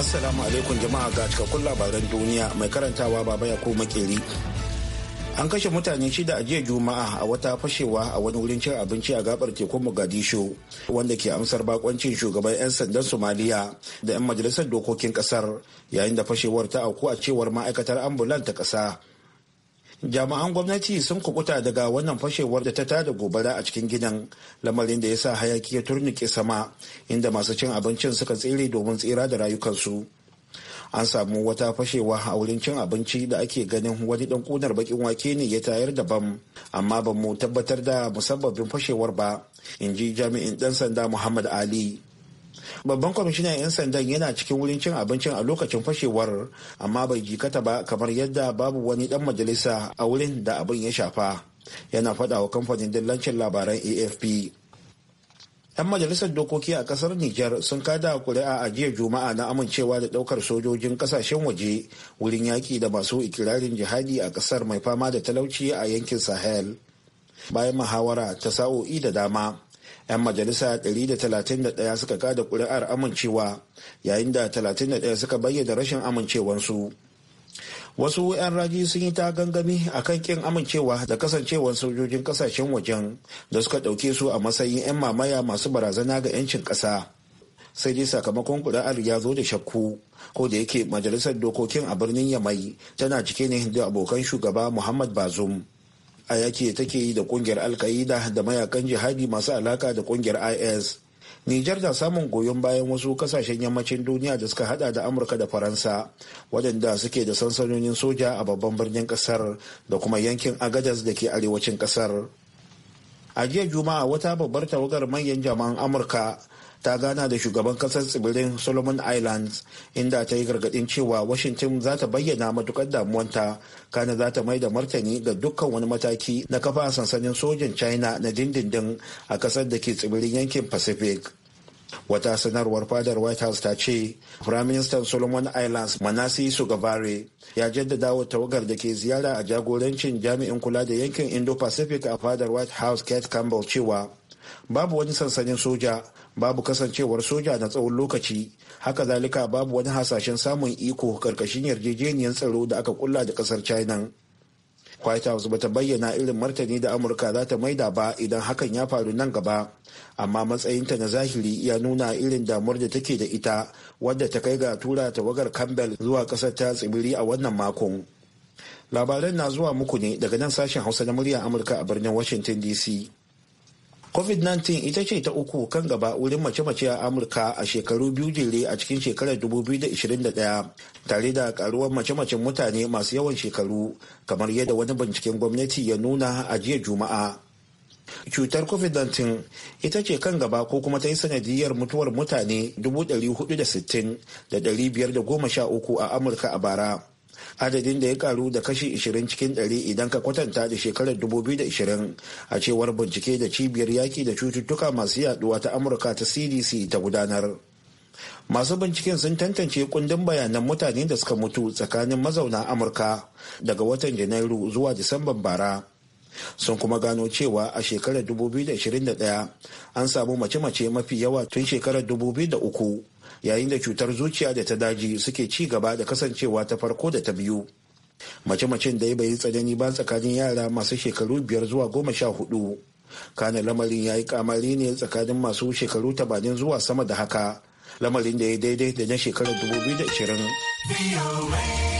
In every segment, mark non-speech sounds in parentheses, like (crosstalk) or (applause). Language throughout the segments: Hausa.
Assalamu alaikum jama'a ga cikakkun labaran duniya mai karantawa baba ya ko makeri. An kashe mutane shida a jiya Juma'a a wata fashewa a wani wurin cin abinci a gabar tekun Mogadishu wanda ke amsar bakoncin shugaban 'yan sandan Somaliya da 'yan majalisar dokokin kasar yayin da fashewar ta auku a cewar ma'aikatar ambulan ta kasa. jami'an gwamnati sun kubuta daga wannan fashewar da ta tada gobara a cikin gidan lamarin da ya sa hayaki ya turnuke sama inda masu cin abincin suka tsere domin tsira da rayukansu an samu wata fashewa a wurin cin abinci da ake ganin wani dan kunar bakin wake ne ya tayar da bam amma ba mu tabbatar da musabbabin fashewar ba in ji jami'in dan sanda muhammad ali babban kwamishinan 'yan sandan yana cikin wurin cin abincin a lokacin fashewar amma bai jikata ba kamar yadda babu wani dan majalisa a wurin da abin ya shafa yana faɗa wa kamfanin dillancin labaran afp 'yan majalisar dokoki a kasar niger sun kada kuri'a a jiya juma'a na amincewa da daukar sojojin kasashen waje wurin yaƙi da masu ikirarin jihadi a kasar mai fama da talauci a yankin sahel bayan muhawara ta sa'o'i da dama 'yan majalisa 131 suka kada kuri'ar amincewa yayin da 31 suka bayyana rashin amincewansu wasu 'yan raji sun yi ta gangami a kan kin amincewa da kasancewar sojojin kasashen wajen da suka ɗauke su a matsayin 'yan mamaya masu barazana ga 'yancin ƙasa sai dai sakamakon kuri'ar ya zo da shakku ko da yake majalisar dokokin a birnin yamai tana cike ne da abokan shugaba muhammad bazum a yake take yi da kungiyar alka'ida da mayakan jihadi masu alaka da kungiyar is Nijar na samun goyon bayan wasu kasashen yammacin duniya da suka hada da Amurka da Faransa, waɗanda suke da sansanonin soja a babban birnin ƙasar da kuma yankin Agadas da ke arewacin ƙasar. A jiya Juma'a wata babbar tawagar manyan jama'an Amurka ta gana da shugaban kasar tsibirin solomon islands inda ta yi gargadin cewa washington za ta bayyana matukar damuwanta kana za ta mai da martani ga dukkan wani mataki na kafa sansanin sojin china na dindindin a kasar da ke tsibirin yankin pacific wata sanarwar fadar white house ta ce prime minister solomon islands manasi sugabare ya jaddada wa tawagar da ke ziyara a jagorancin jami'in kula da yankin indo-pacific a fadar white house kate campbell cewa babu wani sansanin soja babu kasancewar soja na tsawon lokaci haka zalika babu wani hasashen samun iko karkashin yarjejeniyar tsaro da aka kulla da kasar china white house bata bayyana irin martani da amurka za ta maida ba idan hakan ya faru nan gaba amma matsayinta na zahiri ya nuna irin damuwar da take da ita wadda ta kai ga tura tawagar campbell zuwa kasar ta tsibiri a wannan makon labaran na zuwa muku ne daga nan sashen hausa na murya amurka a birnin washington dc covid-19 ita ce ta uku kan gaba wurin mace-mace a amurka a shekaru biyu jere a cikin shekarar 2021 tare da karuwar mace-macen mutane masu yawan shekaru kamar yadda wani binciken gwamnati ya nuna a jiya juma'a cutar covid-19 ita ce kan gaba ko kuma ta yi sanadiyar mutuwar mutane da 513 a amurka a bara adadin da ya karu da kashi 20 cikin 100 idan ka kwatanta da shekarar 2020 a cewar bincike da cibiyar yaki da cututtuka masu yaduwa ta amurka ta cdc ta gudanar masu binciken sun tantance kundin bayanan mutane da suka mutu tsakanin mazauna amurka daga watan janairu zuwa disamban bara sun kuma gano cewa a shekarar 2021 an samu mace-mace mafi yawa tun shekarar 2003 yayin da cutar zuciya da ta daji suke ci gaba da kasancewa ta farko da ta biyu mace-macen da ya bayi tsanani ba tsakanin yara masu shekaru biyar zuwa goma sha hudu kana lamarin ya yi kamari ne tsakanin masu shekaru tabanin zuwa sama da haka lamarin da ya daidai da na shekarar 2020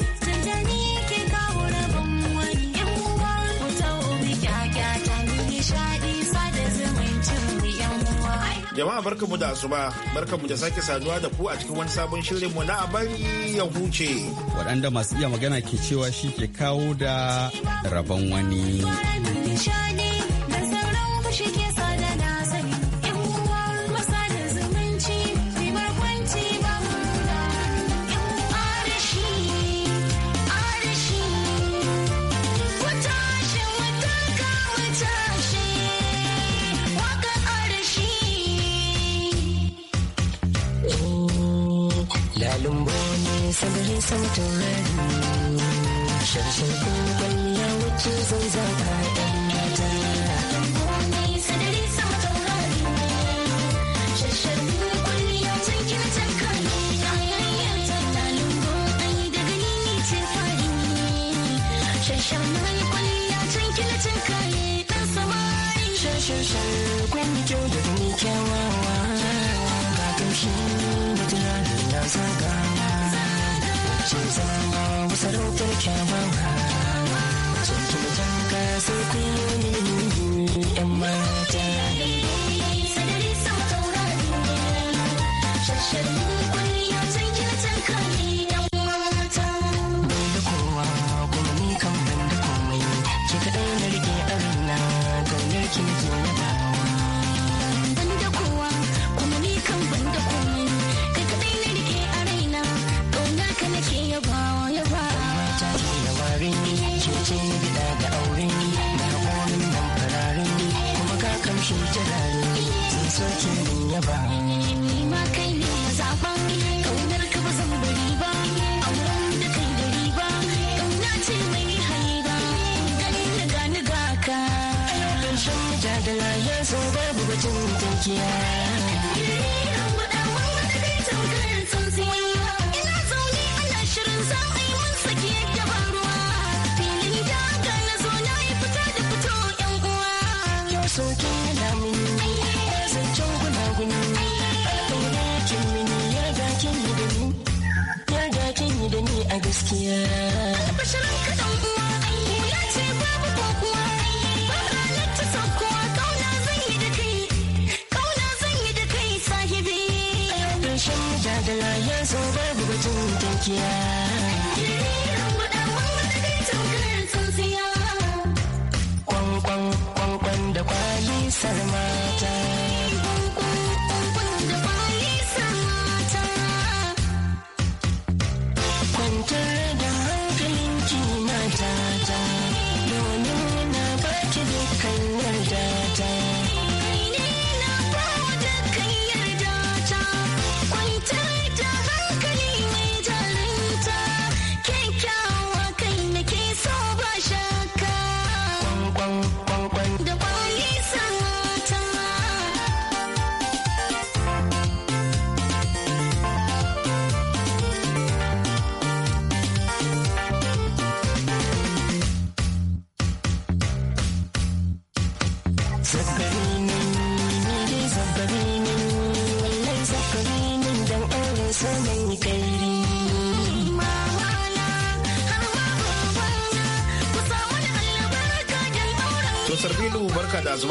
Jama'a barkanmu da asuba, barkanmu da sake saduwa da ku a cikin wani sabon shirin mu na abari ya huce. Waɗanda masu iya magana ke cewa shi ke kawo da rabon wani. lalumbu sabari sautin hari sharshen kungiyar ya wuce zan zaka sarautar kyawawa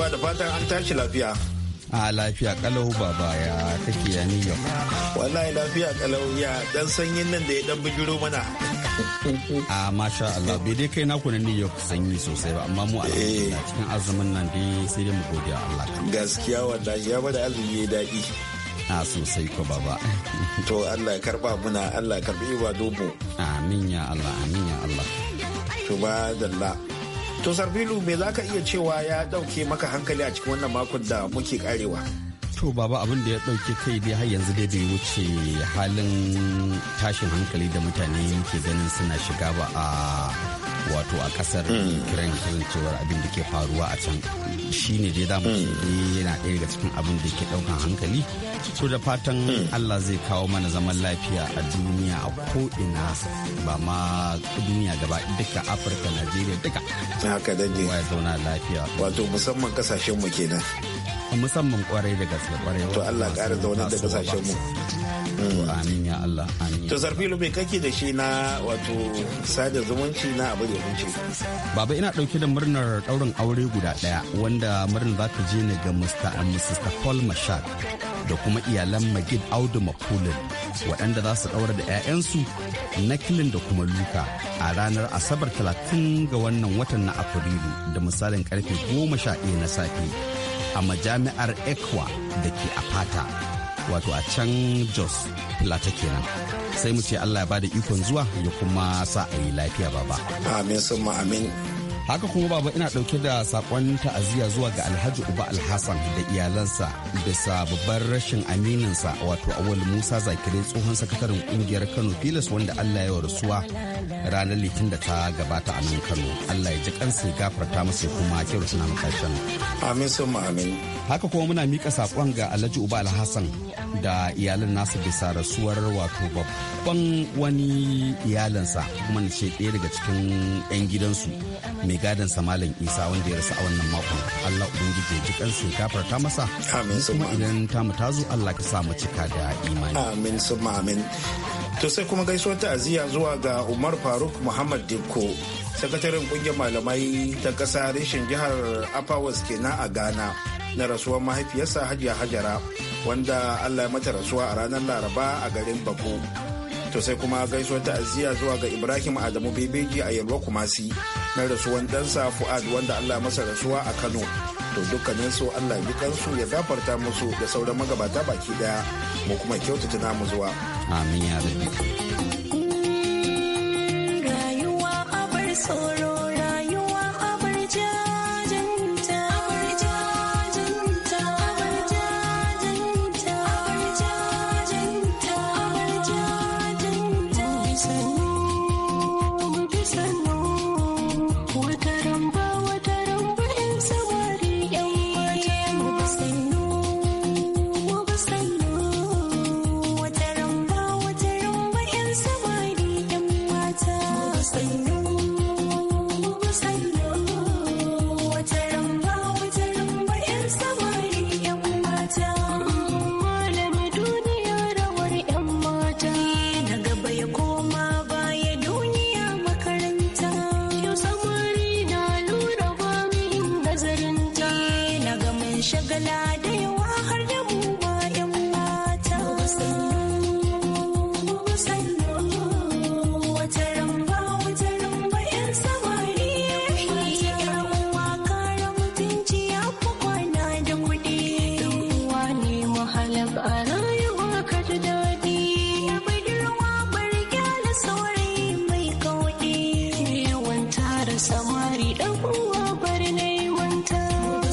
ba da fatan an tashi lafiya. a lafiya kalau ba ya kake ya ni yau wallahi lafiya kalau ya dan sanyin nan da ya dan bijiro mana (laughs) a masha Allah bai dai kai naku na niyo sanyi sosai ba amma mu a eh. cikin azumin nan dai sai dai mu godiya Allah gaskiya wallahi ya bada azumi ya daɗi a sosai ko baba (laughs) to Allah ya karba muna Allah ya karbi wa dobo amin ya Allah amin ya Allah to ba dalla To Sarfilu me za ka iya cewa ya ɗauke maka hankali a cikin wannan makon da muke karewa? To baba abin da ya ɗauke kai dai har yanzu dai bai wuce halin tashin hankali da mutane ke ganin suna shiga ba a wato a kasar kiran kiran cewar abin da ke faruwa a can shine dai damu yana ɗaya daga cikin abin da ke ɗaukan hankali so da fatan allah zai kawo mana zaman lafiya a duniya a ko'ina ba ma duniya gaba duka afirka najeriya duka haka dade zauna lafiya wato musamman kasashen mu kenan musamman kwarai da gaske kwarai to Allah ƙara zaunar da kasashen mu to amin ya Allah amin to zarfi me kake da shi na wato sada zumunci na abu da yunci baba ina dauke da murnar daurin aure guda daya wanda murnar za ta je ne ga Mr. and Mrs. Paul Mashak da kuma iyalan Magid Audu Makulin waɗanda za su ɗaura da 'ya'yansu kilin da kuma luka a ranar asabar 30 ga wannan watan na afrilu da misalin karfe 11 na safe a majami'ar Ekwa da ke a fata wato a can Jos Plata kenan. Sai mu ce Allah ya bada ikon zuwa ya kuma sa a yi lafiya baba. Amin sun amin. Haka kuma baba ina dauke da sakon ta'aziyya zuwa ga Alhaji Uba Alhassan da iyalansa bisa babbar rashin amininsa wato Awal Musa Zakire tsohon sakataren ƙungiyar Kano Pilas wanda Allah ya rasuwa ranar litin da ta gabata a nan kano allah ya ji kansu gafarta masu kuma kyau suna karshen amin sun amin haka kuma muna mika saƙon ga alhaji uba alhassan da iyalin nasu bisa rasuwar wato babban wani iyalinsa kuma na ce ɗaya daga cikin 'yan gidansu mai gadon malam isa wanda ya rasu a wannan makon allah ubangiji ya ji kansu gafarta masa amin sun kuma idan tamu ta zo allah ka sa mu cika da imani amin sun amin to sai kuma gaisuwar ta'aziyya zuwa ga umar faruk muhammad dikko sakataren kungiyar malamai ta kasa reshen jihar apawas kenan a ghana na rasuwar mahaifiyarsa hajiya hajara wanda allah ya mata rasuwa a ranar laraba a garin bako to sai kuma gaisuwar ta'aziyya zuwa ga ibrahim adamu bebeji a yalwa kumasi na rasuwan ɗansa fu'ad wanda allah masa rasuwa a kano to dukkanin su allah bi kansu ya gafarta musu da sauran magabata baki daya mu kuma kyautata namu zuwa amin ya rabbi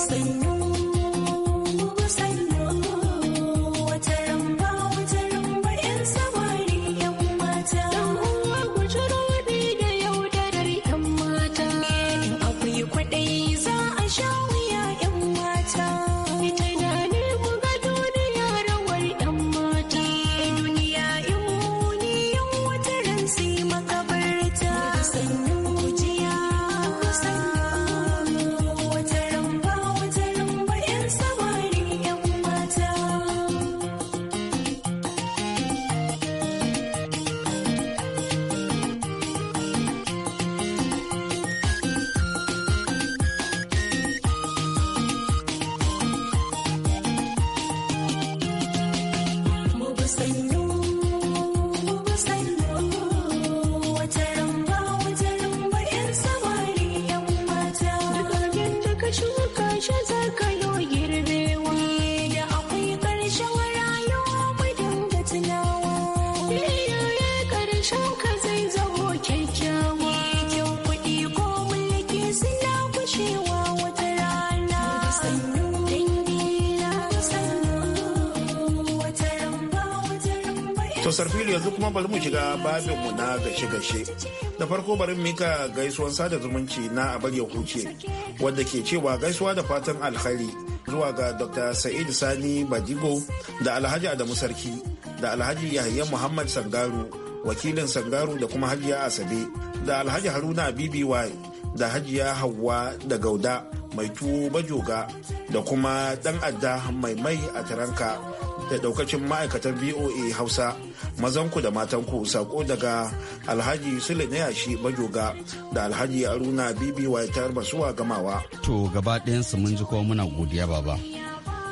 sing fili yanzu kuma bari mu shiga babin mu na gashe-gashe da farko bari mu mika gaisuwan sada zumunci na abar ya huce wadda ke cewa gaisuwa da fatan alkhairi zuwa ga dr sa'id sani badigo da alhaji adamu sarki da alhaji yahya muhammad sangaru wakilin sangaru da kuma hajiya asabe da alhaji haruna bby da hajiya Hawwa da gauda mai tuwo bajoga da kuma dan adda mai mai a taranka da daukacin ma'aikatan voa hausa mazanku da matanku sako daga alhaji sule na yashi bajoga da alhaji haruna bibi waitar basuwa gamawa to gaba ɗayansu mun ji kuma muna godiya baba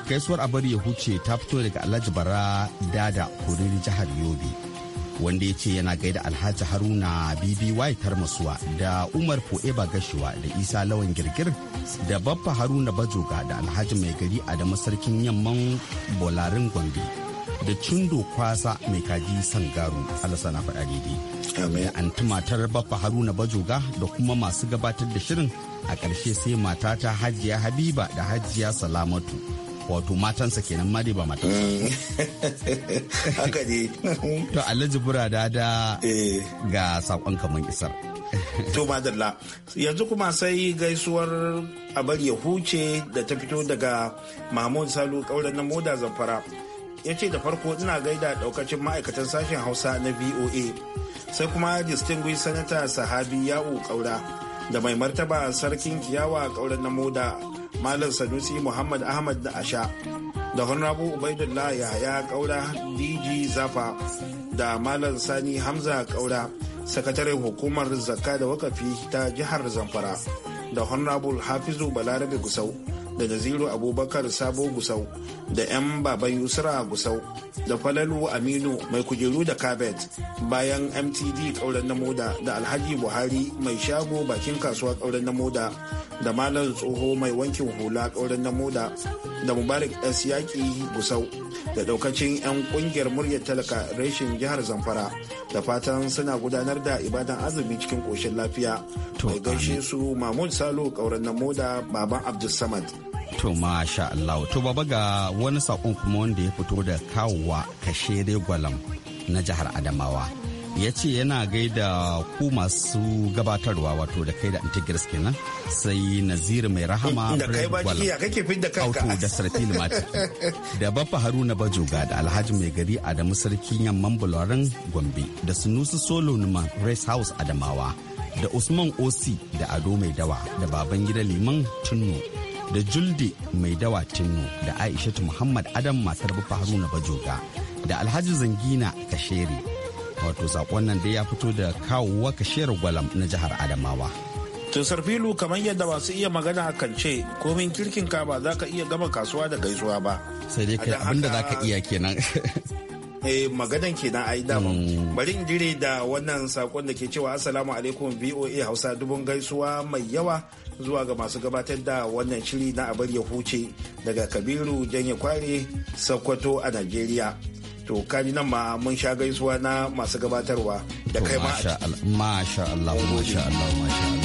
gaisuwar a bari ya huce ta fito daga alhaji bara dada kurir jihar yobe wanda ya ce yana gaida alhaji haruna bby tarmasuwa da umar fo'eba gashuwa da isa lawan girgir da babba haruna bajoga da alhaji mai gari a adamu sarkin yamman bolarin gombe da cindo kwasa mai kaji sangaru alasana na faɗa daidai an tumatar babba haruna bajoga da kuma masu gabatar da shirin a ƙarshe sai matata hajiya habiba da hajiya salamatu wato matansa kenan ma dai ba mata mm. (laughs) haka ne to alhaji burada da eh. ga sakon kamar isar to madalla yanzu kuma sai gaisuwar abar ya huce da ta fito daga mahmud salu kauran na moda zamfara ya ce da farko ina gaida daukacin ma'aikatan sashen hausa na voa sai kuma distinguished senator sahabi ya'u kaura da mai martaba sarkin kiyawa a ƙauren na moda malam sanusi muhammad ahmad da asha da honorable ubaidullah yahaya ƙaura dg zafa da malam sani hamza ƙaura sakataren hukumar zakka da wakafi ta jihar zamfara da honorable hafizu balarabe gusau da naziru abubakar sabo gusau da 'yan baban yusra gusau da falalu aminu mai kujeru da kabet bayan mtd kauren na moda da alhaji buhari mai shago bakin kasuwa kauren na moda da malam tsoho mai wankin hula kauren na moda da mubarak s yaƙi gusau da daukacin 'yan kungiyar muryar talaka reshin jihar zamfara da fatan suna gudanar da ibadan azumi cikin koshin lafiya mai gaishe su mahmud salo kauren na moda baban abdulsamad To masha Allah. To baba ga wani saƙon kuma wanda ya fito da kawowa kashe gwalam na jihar Adamawa. ya ce yana gaida ku masu gabatarwa wato da kai da antigras kenan sai nazir mai rahama mm, da auto da sarfi mati (laughs) da bafa haruna bajoga da alhaji mai gari adamu sarkin yamman bularin gombe da sunusu solo numa race house adamawa da usman osi da ado mai dawa da baban gida liman tunno da Julde Mai Dawa Tinno da Aishatu Muhammad Adam matar Baffa Haruna Bajoga da Alhaji Zangina Kashere. Wato sakon nan da ya fito da kawowa Kashere Gwalam na jihar Adamawa. Tusar filu kamar yadda masu iya magana kan ce komin kirkin ka ba za ka iya gama kasuwa da gaisuwa ba. Sai dai abinda za ka iya kenan. (laughs) eh maganan kenan ai dama bari in dire da wannan sakon da ke cewa assalamu alaikum VOA Hausa dubun gaisuwa mai yawa zuwa ga masu gabatar da wannan shiri na abar ya huce daga Kabiru Janye Kware Sokoto a Najeriya to kaji nan ma mun sha gaisuwa na masu gabatarwa da kai ma masha Allah masha Allah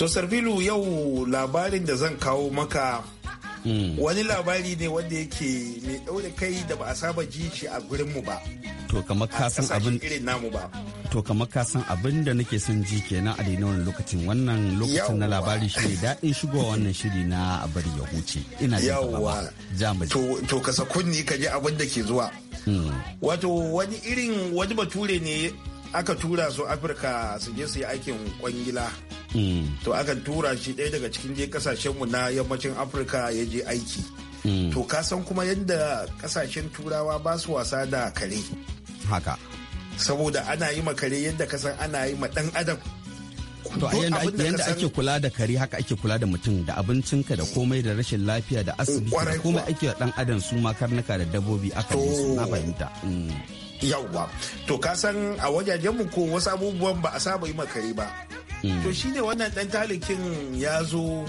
to sarfilu yau labarin da zan kawo maka hmm. wani labari ne wanda yake mai ɗaure kai da ba a saba ji shi a gurinmu ba to kamar ka san abin irin namu ba to kamar ka san abin da nake son ji kenan a daina wannan lokacin wannan lokacin na labari shi ne daɗin shigowa wannan shiri na a bari ya huce ina yawa ba to to ka kunni ka ji abin da ke zuwa hmm. wato wani irin wani bature ne aka tura su afirka su je su yi aikin kwangila Mm. to akan tura shi ɗaya daga cikin je kasashenmu na yammacin afirka ya je aiki mm. to ka san kuma yadda kasashen turawa ba su wasa da kare haka saboda ana yi ma kare yadda ka san ana yi ma ɗan adam To yadda ake kula da kare haka ake kula da mutum da abincinka da komai da rashin lafiya da asibiti da komai ake dan adam su ma karnuka da dabbobi aka yi suna na fahimta. Mm. Yawwa, to ka san a wajajenmu ko wasu abubuwan ba a saba yi kare ba. Mm. to shi ne wannan dan talikin ya zo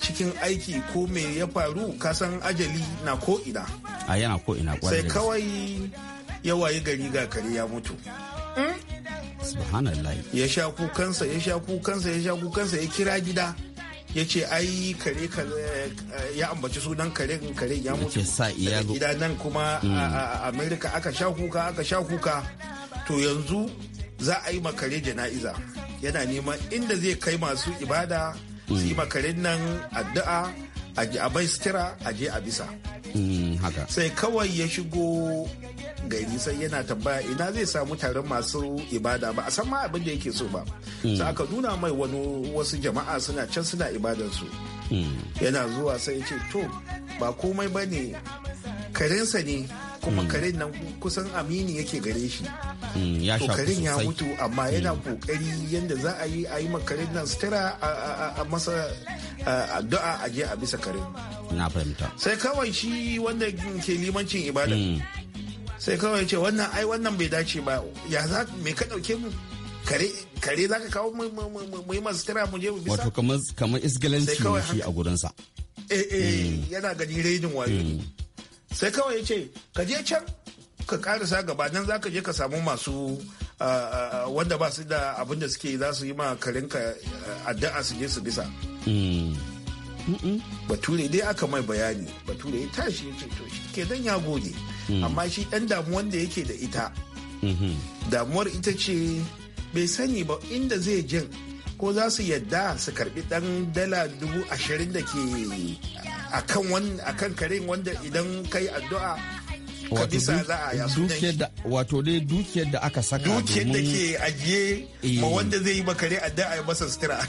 cikin aiki ko me ya faru kasan ajali na ko ina a yana ko ina sai kawai ya waye gari ga kare ya mutu hmm? subhanallah ya sha kukansa ya sha kukansa ya sha kukansa ya kira gida ya ce ai kare eh, ya ambaci sunan kare kare ya mutu gida nan kuma a mm. amerika aka sha kuka aka sha kuka to yanzu za a yi makare jana'iza yana neman inda zai kai masu ibada su yi makarin nan addu'a a bai sutura a je a bisa mm, sai kawai ya shigo gari sai yana tambaya ina zai samu taron masu ibada ba a san ma abin da yake so ba mm. sai aka nuna mai wani wasu jama'a suna can suna su. Mm. yana zuwa sai ya ce to ba komai ba ne karensa ne kuma mm. karen nan kusan amini yake gare shi mm, ya karen ya mutu amma yana mm. kokari yadda za a yi a yi makarin nan sutura a masa addu'a a je a bisa karen na fahimta sai kawai shi wanda ke limancin ibada sai kawai ce wannan ai wannan bai dace ba ya za me ka dauke mu kare kare za ka kawo mu yi masu sutura mu je mu bisa wato kamar isgalanci ne shi a gurinsa eh eh yana gani rainin wayo sai kawai ya ce ka je can ka karisa gaba nan za ka je ka samu masu wanda ba su da abin da suke za su yi ma karinka addu'a su je su bisa mm. bature dai aka mai bayani bature ya tashi ya to shi ke dan ya gode mm. amma shi dan damuwan da yake da ita mm-hmm. damuwar ita ce bai sani ba inda zai jin ko za su yadda su karbi ɗan dala dubu ashirin da ke akan wani akan karen wanda idan kai addu'a ka bisa za da wato dai dukiyar da aka saka dukiyar da ke ajiye ma eh. wanda zai yi bakare da ya masa sutura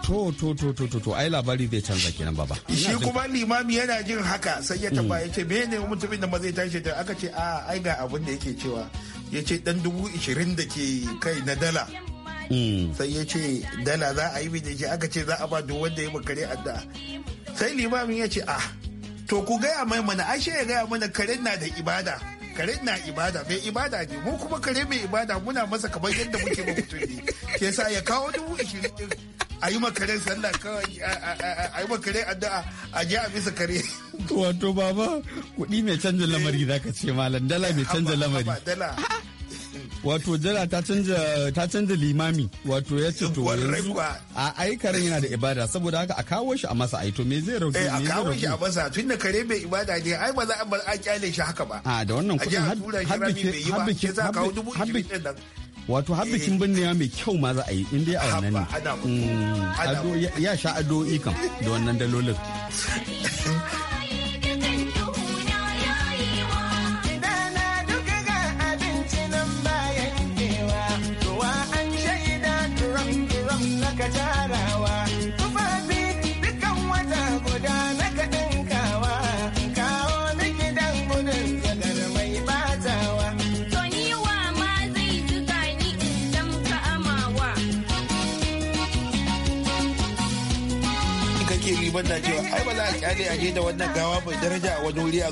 to to to to to to ai labari zai canza kenan baba shi kuma limami yana jin haka sai ya taba mm. ya ce me ne mutumin da ba zai tashi da aka ce a ah, ai ga abin da yake cewa ya ce dan dubu ishirin da ke kai na dala Mm. sai ya ce dala za a yi bidiki aka ce za a ba duk wanda ya makare addu'a sai limamin ya ce ah to ku gaya mai mana ashe ya gaya mana karen na da ibada kare na ibada mai ibada ne mu kuma kare mai ibada muna masa kamar yadda muke ba mutum ne ke sa ya kawo dubu ishirin a yi makare sallah kawai a yi makare addu'a a je a bisa kare wato baba kuɗi mai canza lamari zaka ce malam dala mai eh, canza lamari dala wato jira ta canza ta canza limami wato ya ce to a ai karen yana da ibada saboda haka a kawo shi a masa ai to me zai rauke eh, a kawo shi a masa tun da kare bai ibada ne ai ba za a bar a kyale shi haka ba a da wannan kudin har bikin har bikin har bikin wato har bikin eh. binnewa mai kyau ma za a yi in dai a wannan ne mm, ya sha ado ikan da wannan dalolin (laughs) ne a je da wannan gawa mai daraja a wani wuri a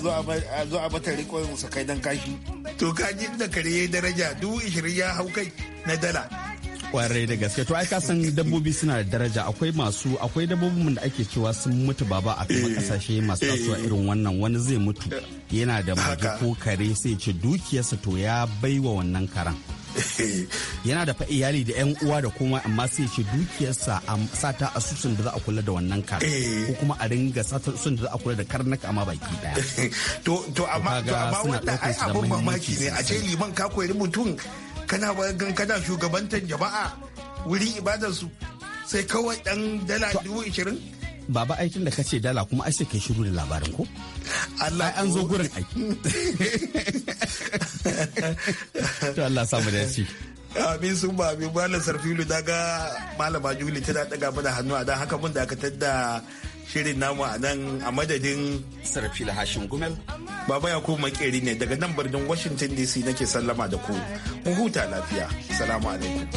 zo a mata rikon kai dan kashi to kaji da kare yayi daraja dubu ishirin ya hau kai na dala kwarai da gaske to ai ka san dabbobi suna da daraja akwai masu akwai dabbobin da ake cewa sun mutu baba a kuma eh, kasashe masu tasowa eh. irin wannan wani zai mutu yana da mage ko kare sai ce dukiyarsa to ya baiwa wannan karan (laughs) yana da fa iyali da yan uwa da kuma amma sai ce dukiyarsa a sata asusun da za a kula da wannan kar eh. ko kuma a ringa sata asusun da za a kula da karnaka ma baki daya (laughs) to to amma to amma wannan ai abun mamaki ne a ce liman ka koyi mutum kana gan kana shugabantar jama'a wuri ibadar su sai kawai dan dala dubu ishirin baba aikin da kace dala kuma ai sai kai shiru da labarin ko Allah an zo gurin aiki to Allah samu da shi amin sun ba amin malam sarfilu daga malama juli tana daga mana hannu a dan haka mun dakatar da shirin namu a nan a madadin sarfila hashim gumel baba ya kuma makeri ne daga nan birnin washington dc nake sallama da ku mu huta lafiya salamu alaikum